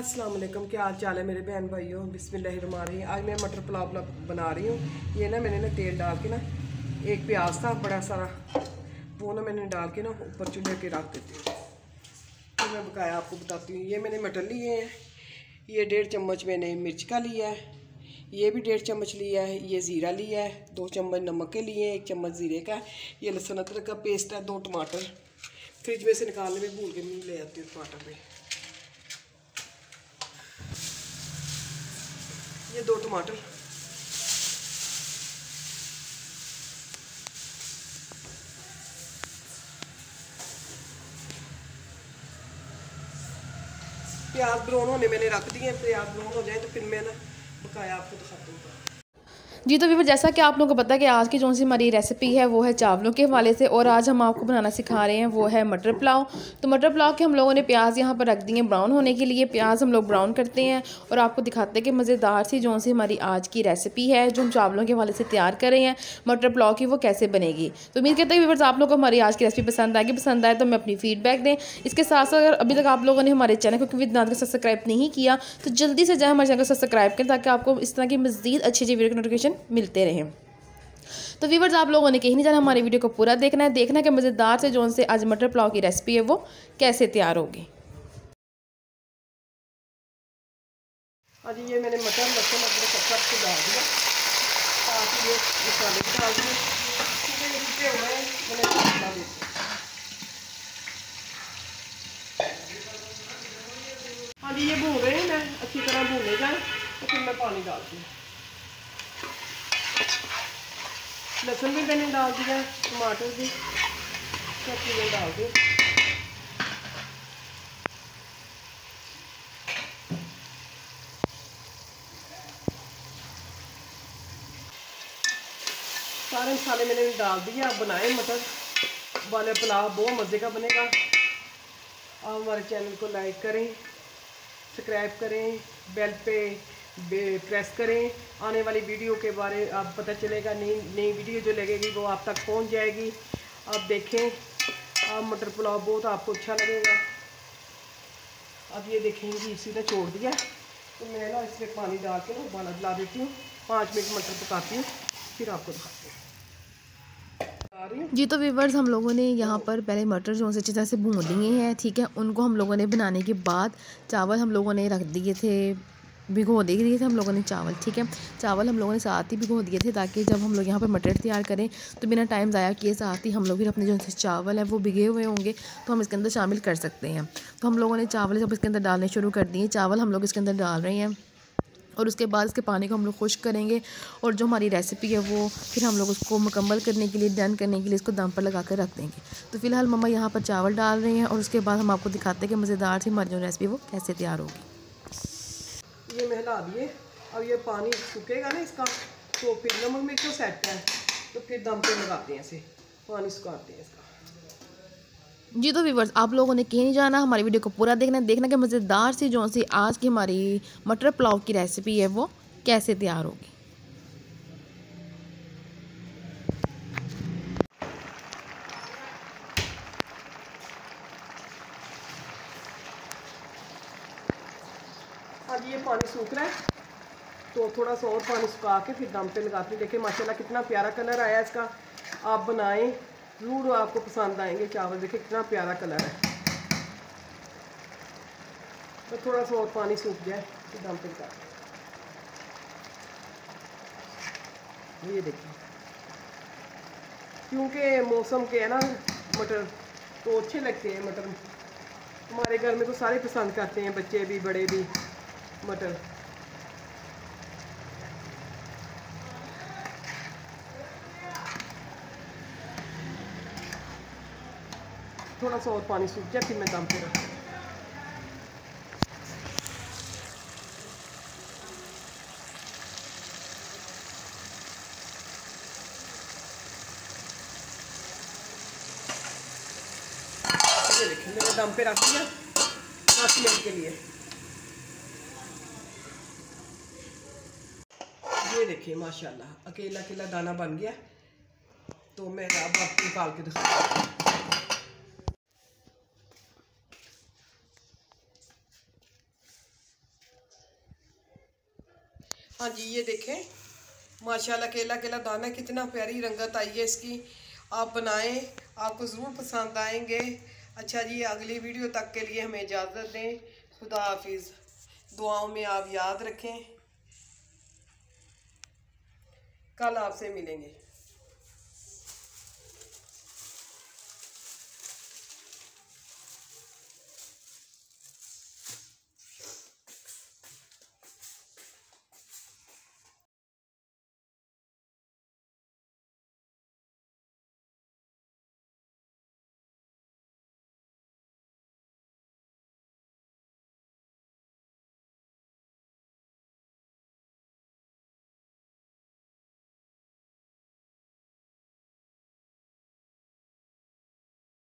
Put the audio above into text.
अस्सलाम वालेकुम क्या हाल चाल है मेरे बहन भाइयों बिस्मिल्लाह आज मैं मटर पुलाव बना रही हूँ ये ना मैंने ना तेल डाल के ना एक प्याज था बड़ा सारा वो ना मैंने डाल के ना ऊपर चूल्हे के रख देती हूँ तो मैं बकाया आपको बताती हूँ ये मैंने मटर लिए हैं ये डेढ़ चम्मच मैंने मिर्च का लिया है ये भी डेढ़ चम्मच लिया है ये ज़ीरा लिया है दो चम्मच नमक के लिए एक चम्मच ज़ीरे का ये लहसुन अदरक का पेस्ट है दो टमाटर फ्रिज में से निकालने में भूल के मैं ले आती हूँ टमाटर पर ये दो टमाटर प्याज ब्राउन होने मैंने रख दिए प्याज ब्राउन हो जाए तो फिर मैं ना बकाया आपको दिखाता हूँ जी तो वीवर जैसा कि आप लोगों को पता है कि आज की जो सी हमारी रेसिपी है वो है चावलों के हवाले से और आज हम आपको बनाना सिखा रहे हैं वो है मटर पुलाव तो मटर पुलाव के हम लोगों ने प्याज यहाँ पर रख दिए ब्राउन होने के लिए प्याज हम लोग ब्राउन करते हैं और आपको दिखाते हैं कि मज़ेदार सी जो सी हमारी आज की रेसिपी है जो हम चावलों के हवाले से तैयार कर रहे हैं मटर पुलाव की वो कैसे बनेगी तो उम्मीद करते हैं वीवर्स आप लोग को हमारी आज की रेसिपी पसंद आएगी पसंद आए तो हमें अपनी फीडबैक दें इसके साथ साथ अगर अभी तक आप लोगों ने हमारे चैनल को क्योंकि नाथ सब्सक्राइब नहीं किया तो जल्दी से जाए हमारे चैनल को सब्सक्राइब करें ताकि आपको इस तरह की मज़ीद अच्छी अच्छी वीडियो नोटिफिकेशन नोटिफिकेशन मिलते रहें तो व्यूवर्स आप लोगों ने कहीं नहीं जाना हमारे वीडियो को पूरा देखना है देखना कि मज़ेदार से जोन से आज मटर पुलाव की रेसिपी है वो कैसे तैयार होगी और ये मैंने मटर लहसुन अदरक सब कुछ डाल दिया ताकि ये मसाले भी डाल दिए क्योंकि रुके हुए हैं मैंने डाल दिया हाँ जी ये भून रहे हैं मैं अच्छी तरह भूने जाए तो फिर मैं पानी डालती हूँ लहसुन भी मैंने डाल दिया टमाटर भी सब चीज़ें डाल दी सारे मसाले मैंने डाल दिए आप बनाए मटर वाले पुलाव बहुत मज़े का बनेगा आप हमारे चैनल को लाइक करें सब्सक्राइब करें बेल पे प्रेस करें आने वाली वीडियो के बारे आप पता चलेगा नई नई वीडियो जो लगेगी वो आप तक पहुंच जाएगी आप देखें आप मटर पुलाव बहुत आपको अच्छा लगेगा अब ये देखेंगे इसी ने छोड़ दिया तो मैं ना इसमें पानी डाल के ना उबाला दिला देती हूँ पाँच मिनट मटर पकाती हूँ फिर आपको दिखाती हूँ जी तो वीवर्स हम लोगों ने यहाँ पर पहले मटर जो अच्छी तरह से भून लिए हैं ठीक है उनको हम लोगों ने बनाने के बाद चावल हम लोगों ने रख दिए थे भिगो दिए दिए थे हम लोगों ने चावल ठीक है चावल हम लोगों ने साथ ही भिगो दिए थे ताकि जब हम लोग यहाँ पर मटर तैयार करें तो बिना टाइम ज़ाया किए साथ ही हम लोग फिर अपने जो चावल है वो भिगे हुए होंगे तो हम इसके अंदर शामिल कर सकते हैं तो हम लोगों ने चावल सब इसके अंदर डालने शुरू कर दिए चावल हम लोग इसके अंदर डाल रहे हैं और उसके बाद इसके पानी को हम लोग खुश करेंगे और जो हमारी रेसिपी है वो फिर हम लोग उसको मुकम्मल करने के लिए डन करने के लिए इसको दम पर लगा कर रख देंगे तो फिलहाल मम्मा यहाँ पर चावल डाल रही हैं और उसके बाद हम आपको दिखाते हैं कि मज़ेदार सी हमारी जो रेसिपी वो कैसे तैयार होगी ये महला दिए अब ये पानी सूखेगा ना इसका तो फिर नमक मिर्च क्यों सेट है तो फिर दम पे लगाते हैं इसे पानी सुखाते हैं इसका जी तो व्यूवर्स आप लोगों ने कहीं जाना हमारी वीडियो को पूरा देखना देखना कि मज़ेदार सी जो सी आज की हमारी मटर पुलाव की रेसिपी है वो कैसे तैयार होगी अब ये पानी सूख रहा है तो थोड़ा सा और पानी सुखा के फिर दम पे लगाते हैं देखिए माशाल्लाह कितना प्यारा कलर आया है इसका आप बनाएं ज़रूर आपको पसंद आएंगे चावल देखिए कितना प्यारा कलर है तो थोड़ा सा और पानी सूख जाए फिर दम पे लगा ये देखिए क्योंकि मौसम के है ना मटर तो अच्छे लगते हैं मटर हमारे घर में तो सारे पसंद करते हैं बच्चे भी बड़े भी मटर थोड़ा सा और पानी सूख गया फिर मैं दाम पे रखूँ देखिए मैंने दम पे रख दिया पाँच मिनट के लिए ये देखिए माशाल्लाह अकेला अकेला दाना बन गया तो मैं अब आप निकाल के दिखा हाँ जी ये देखें माशाल्लाह केला केला दाना कितना प्यारी रंगत आई है इसकी आप बनाएं आपको ज़रूर पसंद आएंगे अच्छा जी अगली वीडियो तक के लिए हमें इजाज़त दें खुदा हाफिज़ दुआओं में आप याद रखें कल आपसे मिलेंगे